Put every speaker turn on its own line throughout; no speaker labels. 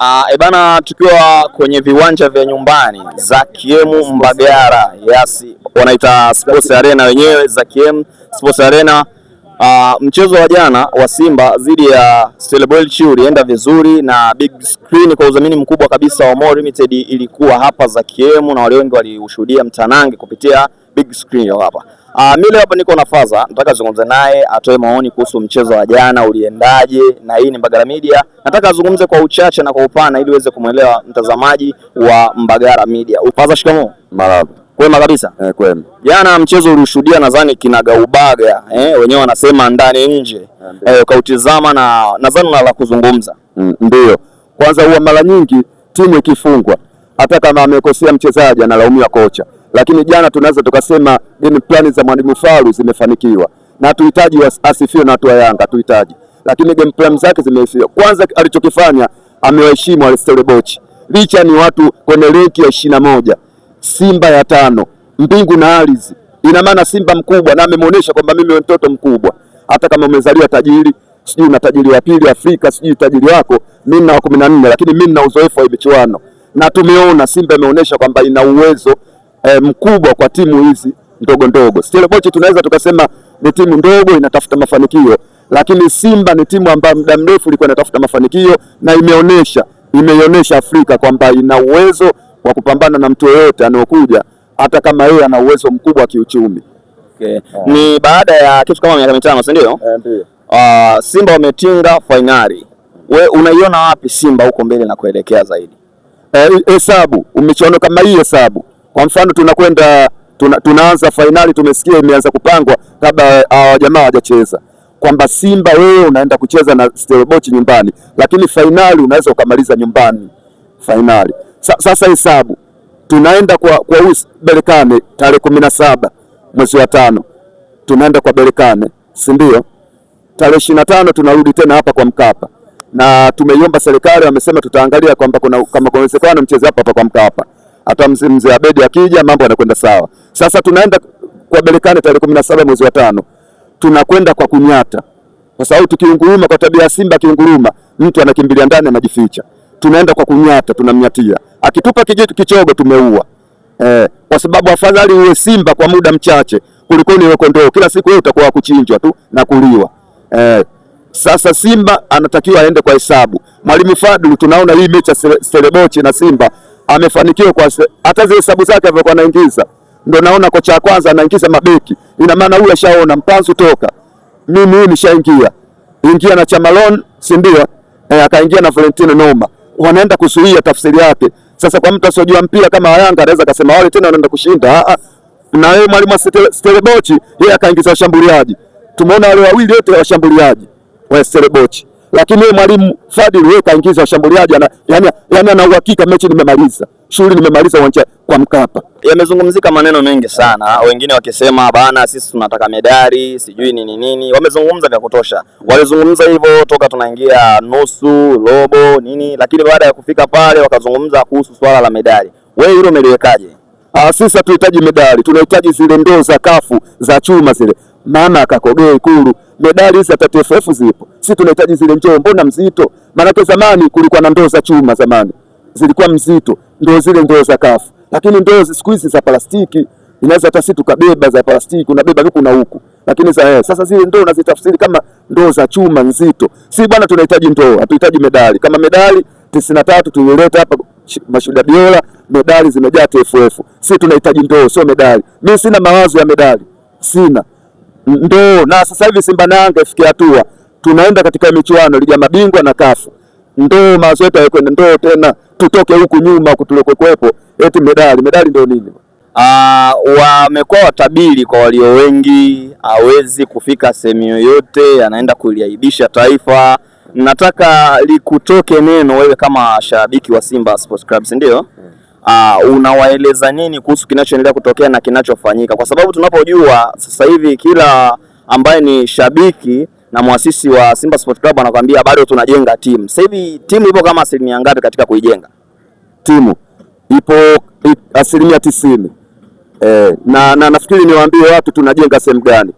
Uh, ah, ebana eh tukiwa kwenye viwanja vya nyumbani za kiemu mbagara yes, wanaita Sports Arena wenyewe Zakhiem Sports Arena. Uh, mchezo wa jana wa Simba dhidi ya Stellenbosch ulienda vizuri na big screen kwa udhamini mkubwa kabisa wa More Limited ilikuwa hapa za kiemu na wale wengi waliushuhudia mtanange kupitia big screen hapa. Uh, mimi leo hapa niko na Faza, nataka zungumze naye atoe maoni kuhusu mchezo wa jana uliendaje, na hii ni Mbagala Media. Nataka azungumze kwa uchache na kwa upana ili uweze kumwelewa mtazamaji wa Mbagala Media. Faza, shikamoo. Marahaba. Kwema kabisa. Eh, kwema. Jana mchezo ulishuhudia nadhani kinagaubaga, eh, wenyewe wanasema ndani nje. Eh, eh, ukautizama na nadhani una la kuzungumza.
Mm, ndio. kwanza huwa mara nyingi timu ikifungwa hata kama amekosea mchezaji analaumiwa kocha lakini jana tunaweza tukasema game plan za mwalimu Faru zimefanikiwa na tuhitaji asifiwe na watu wa Yanga tuhitaji, lakini game plan zake zimefiwa. Kwanza alichokifanya amewaheshimu Alistair Bochi, licha ni watu kwenye renki ya ishirini na moja Simba ya tano mbingu na ardhi, ina maana Simba mkubwa, na amemuonesha kwamba mimi mtoto mkubwa, hata kama umezaliwa tajiri sijui na tajiri wa pili Afrika sijui tajiri wako, mimi na wa kumi na nne, lakini mimi na uzoefu wa michuano na tumeona Simba imeonyesha kwamba ina uwezo eh, mkubwa kwa timu hizi ndogo ndogo. Stellenbosch tunaweza tukasema ni timu ndogo inatafuta mafanikio, lakini Simba ni timu ambayo muda mrefu ilikuwa inatafuta mafanikio na imeonesha imeonyesha Afrika kwamba ina uwezo wa kupambana na mtu yoyote anayokuja, hata kama yeye ana uwezo mkubwa wa kiuchumi.
Okay. Yeah. Ni baada ya kitu kama miaka mitano, si ndio?
uh,
Simba wametinga fainali. We unaiona wapi Simba huko mbele na kuelekea zaidi?
Eh, hesabu eh, eh, umechiona kama hii hesabu kwa mfano tunakwenda tuna, tunaanza fainali, tumesikia imeanza kupangwa kabla hawa ah, jamaa hawajacheza kwamba Simba wewe unaenda kucheza na Stellenbosch nyumbani, lakini fainali unaweza ukamaliza nyumbani fainali.
Sa, sasa hesabu tunaenda kwa kwa Berkane tarehe kumi na saba mwezi wa tano tunaenda kwa Berkane, si ndio? Tarehe ishirini na tano tunarudi tena hapa kwa Mkapa, na tumeiomba serikali, wamesema tutaangalia kwamba kuna kama kuna uwezekano mcheze hapa hapa kwa Mkapa hata mzee mzee Abedi akija mambo yanakwenda sawa. Sasa tunaenda kwa Belekane tarehe kumi na saba mwezi wa tano, tunakwenda kwa kunyata, kwa sababu tukiunguruma kwa tabia ya Simba akiunguruma mtu anakimbilia ndani anajificha. Tunaenda kwa kunyata, tunamnyatia akitupa kijitu kichogo tumeua. Eh, kwa sababu afadhali uwe Simba kwa muda mchache kuliko niwe kondoo kila siku, wewe utakuwa kuchinjwa tu na kuliwa. Eh, sasa Simba anatakiwa aende kwa hesabu. Mwalimu Fadlu, tunaona hii mechi ya Stellenbosch na Simba amefanikiwa kwa hata zile hesabu zake alivyokuwa anaingiza, ndo naona kocha wa kwanza anaingiza mabeki. Ina maana huyu ashaona mpanzu toka mimi huyu nishaingia ingia na Chamalon, si ndio? E, akaingia na Valentino Noma, wanaenda kusuia tafsiri yake. Sasa kwa mtu asiyojua mpira kama Yanga anaweza akasema wale tena wanaenda kushinda a, ah, ah. na yeye mwalimu Stelebochi yeye akaingiza washambuliaji. Tumeona wale wawili wote washambuliaji wa Stelebochi lakini wewe mwalimu Fadil, wewe kaingiza washambuliaji, yani yani ana uhakika mechi nimemaliza, shughuli nimemaliza uwanja kwa Mkapa. Yamezungumzika maneno mengi sana, wengine wakisema bana, sisi tunataka medali, sijui nini nini, wamezungumza vya kutosha. Walizungumza hivyo toka tunaingia nusu robo nini, lakini baada ya kufika pale wakazungumza kuhusu swala la medali. Wewe hilo umeliwekaje?
Ah, sisi hatuhitaji medali, tunahitaji zile ndoo za kafu za chuma zile mama akakogea Ikulu, medali za TFF zipo, si tunahitaji zile, njoo, mbona mzito? Maanake zamani kulikuwa na ndoo za chuma, zamani zilikuwa mzito, ndo zile ndoo za kafu, lakini ndoo siku hizi za plastiki inaweza hata si tukabeba za plastiki, unabeba huku na huku, lakini za eh, sasa zile ndoo nazitafsiri kama ndoo za chuma nzito. Si bwana, tunahitaji ndoo, hatuhitaji medali. Kama medali tisini na tatu tulileta hapa mashuda biola, medali zimejaa TFF. Si tunahitaji ndoo, sio medali. Mimi sina mawazo ya medali, sina ndo na sasa hivi Simba na Yanga ifikia hatua tunaenda katika michuano ligi ya mabingwa na kafu, ndo mawazo yetu hayakwenda, ndo tena tutoke huku nyuma kutulikokwepo eti medali medali ndio nini?
Uh, wamekuwa watabiri kwa walio wengi, hawezi kufika sehemu yoyote, anaenda kuliaibisha taifa. Nataka likutoke neno wewe kama shabiki wa Simba Sports Club, si ndio? hmm uh, unawaeleza nini kuhusu kinachoendelea kutokea na kinachofanyika, kwa sababu tunapojua sasa hivi kila ambaye ni shabiki na mwasisi wa Simba Sport Club anakuambia bado tunajenga timu. Sasa hivi timu ipo kama asilimia ngapi katika kuijenga
timu? Ipo asilimia tisini. Eh, na, na nafikiri niwaambie watu tunajenga sehemu gani.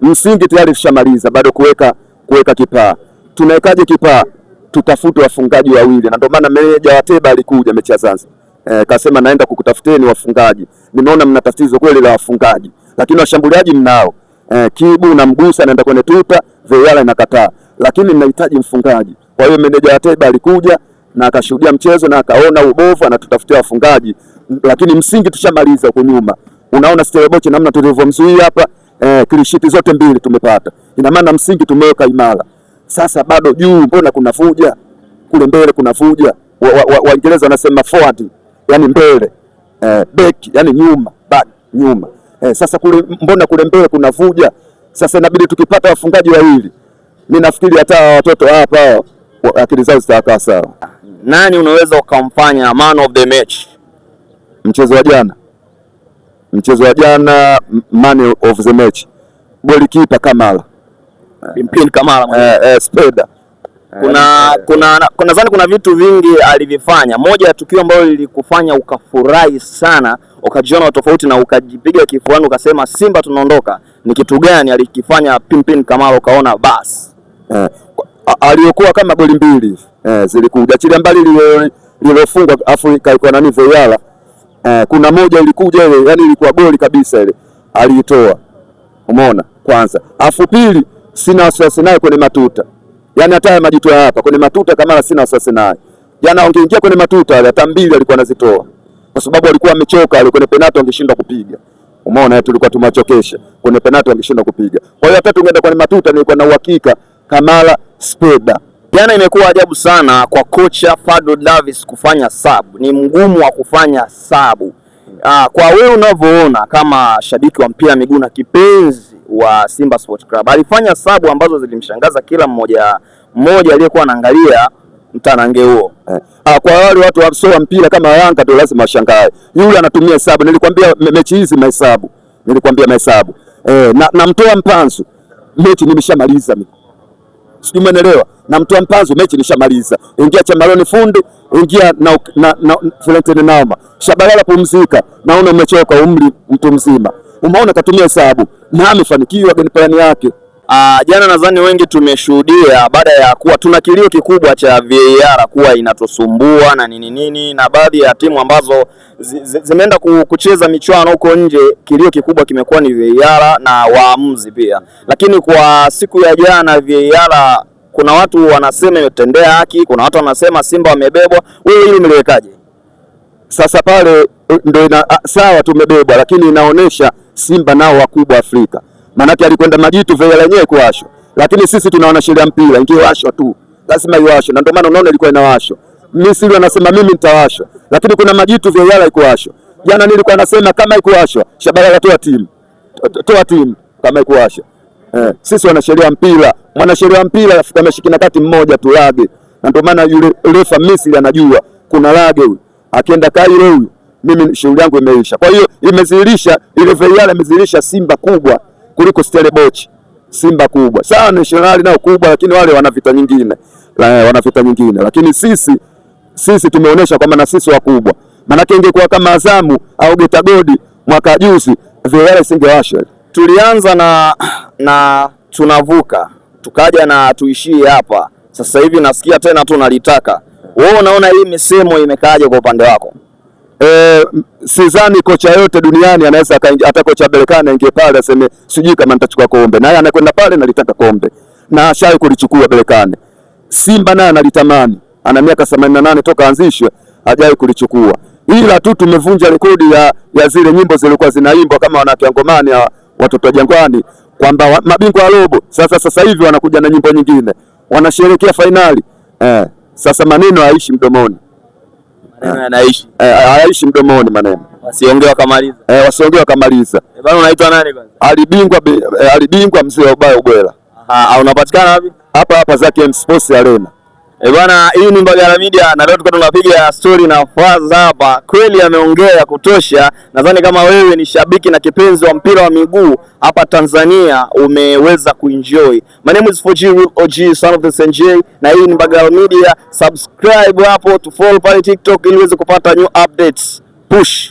Msingi tayari tushamaliza, bado kuweka kuweka kipaa. Tunawekaje kipaa? Tutafute wafungaji wawili, na ndio maana meneja wa Teba alikuja mechi ya Zanzibar eh, kasema naenda kukutafuteni wafungaji. Nimeona mna tatizo kweli la wafungaji, lakini washambuliaji mnao. Eh, Kibu na mgusa naenda kwenye tuta, veyala inakataa, lakini ninahitaji mfungaji. Kwa hiyo meneja wa Teba alikuja na akashuhudia mchezo na akaona ubovu, anatutafutia wafungaji, lakini msingi tushamaliza huko nyuma. Unaona Stellenbosch namna tulivyomzuia hapa eh, klishiti zote mbili tumepata, ina maana msingi tumeweka imara. Sasa bado juu, mbona kuna fuja kule mbele, kuna fuja Waingereza wa, wa, wa, wanasema forward yani mbele eh, beki yani nyuma back nyuma eh, sasa kule, mbona kule mbele kunavuja sasa, inabidi tukipata wafungaji wawili, mimi nafikiri hata watoto hapa akili zao zitakaa sawa.
Nani unaweza ukamfanya man of the match
mchezo wa jana? Mchezo wa jana man of the match golikipa Kamala
Bimpin Kamala,
eh, eh, Speda
kuna kuna kuna nadhani kuna vitu vingi alivifanya. Moja ya tukio ambalo lilikufanya ukafurahi sana ukajiona tofauti na ukajipiga kifuani ukasema Simba tunaondoka, ni kitu gani alikifanya Pimpin Kamara ukaona basi
eh? Aliyokuwa kama goli mbili eh, zilikuja chile mbali lililofungwa Afrika iko nani Voyala eh, kuna moja ilikuja ile, yani ilikuwa goli kabisa ile aliitoa, umeona kwanza, afu pili sina wasiwasi naye kwenye matuta Yaani hata haya majitu ya hapa kwenye matuta Kamara sina wasiwasi naye. Jana wangeingia kwenye matuta hata mbili alikuwa anazitoa. Kwa sababu alikuwa amechoka, alikuwa kwenye penalti angeshindwa kupiga. Umeona yetu eh, tulikuwa tumachokesha. Kwenye penalti angeshindwa kupiga. Kwa hiyo hata tungeenda kwenye matuta nilikuwa na uhakika Kamara Speda.
Jana imekuwa ajabu sana kwa kocha Fado Davis kufanya sabu. Ni mgumu wa kufanya sabu. Aa, ah, kwa wewe unavyoona kama shabiki wa mpira miguu na kipenzi wa Simba Sport Club. Alifanya sabu ambazo zilimshangaza kila mmoja mmoja aliyekuwa anaangalia mtanange huo eh. Ah, kwa wale watu wasoa mpira kama Yanga tu lazima washangae. Yule anatumia hesabu, nilikwambia mechi hizi mahesabu, nilikwambia mahesabu eh, na, na mtoa mpanzu mechi nimeshamaliza mimi, sijui umeelewa. Na mtoa mpanzu mechi nishamaliza, ingia chamaroni fundi, ingia na, na, na Florentine Nauma, Shabalala pumzika, naona umechoka, umri mtu mzima, umeona katumia hesabu na amefanikiwa game plan yake. Uh, jana nadhani wengi tumeshuhudia baada ya kuwa tuna kilio kikubwa cha VAR kuwa inatusumbua na nini nini, na baadhi ya timu ambazo zimeenda kucheza michuano huko nje, kilio kikubwa kimekuwa ni VAR na waamuzi pia. Lakini kwa siku ya jana VAR, kuna watu wanasema imetendea haki, kuna watu wanasema Simba wamebebwa. Wewe hili umeliwekaje?
Sasa pale eh, ndio ah, sawa, tumebebwa, lakini inaonesha Simba nao wakubwa Afrika. Maanake alikwenda majitu vile lenyewe kuwashwa, lakini sisi tuna wanasheria mpira, ingewashwa tu, lazima iwashwe, na ndio maana unaona ilikuwa inawashwa. Misri anasema mimi nitawashwa, lakini kuna majitu vile yala ikuwashwa. Jana nilikuwa nasema kama ikuwashwa, Shabala katoa timu, toa timu kama ikuwashwa. Eh, sisi wanasheria mpira, mwanasheria mpira afika ameshikina kati mmoja tu, Lage, na ndio maana yule refa Misri anajua kuna Lage huyu, akienda Cairo huyu mimi shughuli yangu imeisha. Kwa hiyo imezilisha ile VAR imezilisha Simba kubwa kuliko Stellenbosch. Simba kubwa sawa, nationali nao kubwa, lakini wale wana vita nyingine, wana vita nyingine, lakini sisi sisi tumeonyesha kwamba na sisi wakubwa. Maana ingekuwa kama Azamu au Getagodi mwaka juzi, VAR isingewashwa.
Tulianza na na tunavuka tukaja na tuishie hapa. Sasa hivi nasikia tena tunalitaka. Wewe unaona hii misemo imekaaje kwa upande wako?
E, sidhani kocha yote duniani anaweza hata kocha Berkane aingie pale aseme sijui kama nitachukua kombe, naye anakwenda pale nalitaka kombe na ashawahi kulichukua Berkane. Simba naye analitamani, ana miaka 88 toka anzishwe hajai kulichukua, ila tu tumevunja rekodi ya, ya zile nyimbo zilikuwa zinaimbwa kama wanawake wa ngomani watoto jangwani kwamba wa, mabingwa wa robo. Sasa sasa hivi wanakuja na nyimbo nyingine wanasherehekea fainali eh. Sasa maneno haishi mdomoni.
Maneno ah. yanaishi.
Eh, eh, anaishi mdomoni maneno
wasiongee wakamaliza,
eh, wasiongee wakamaliza.
E, eh, bwana unaitwa nani kwanza?
Alibingwa alibingwa mzee wa ubaya Ugwela. Aha, unapatikana wapi? Hapa hapa Zakem Sports Arena.
E bwana, hii ni Mbagala Media na leo tuko tunapiga stori na Faza hapa. Kweli ameongea ya kutosha. Nadhani kama wewe ni shabiki na kipenzi wa mpira wa miguu hapa Tanzania umeweza kuenjoy. My name is 4G OG son of the SNJ na hii ni Mbagala Media. Subscribe hapo to follow pale TikTok ili uweze kupata new updates. Push.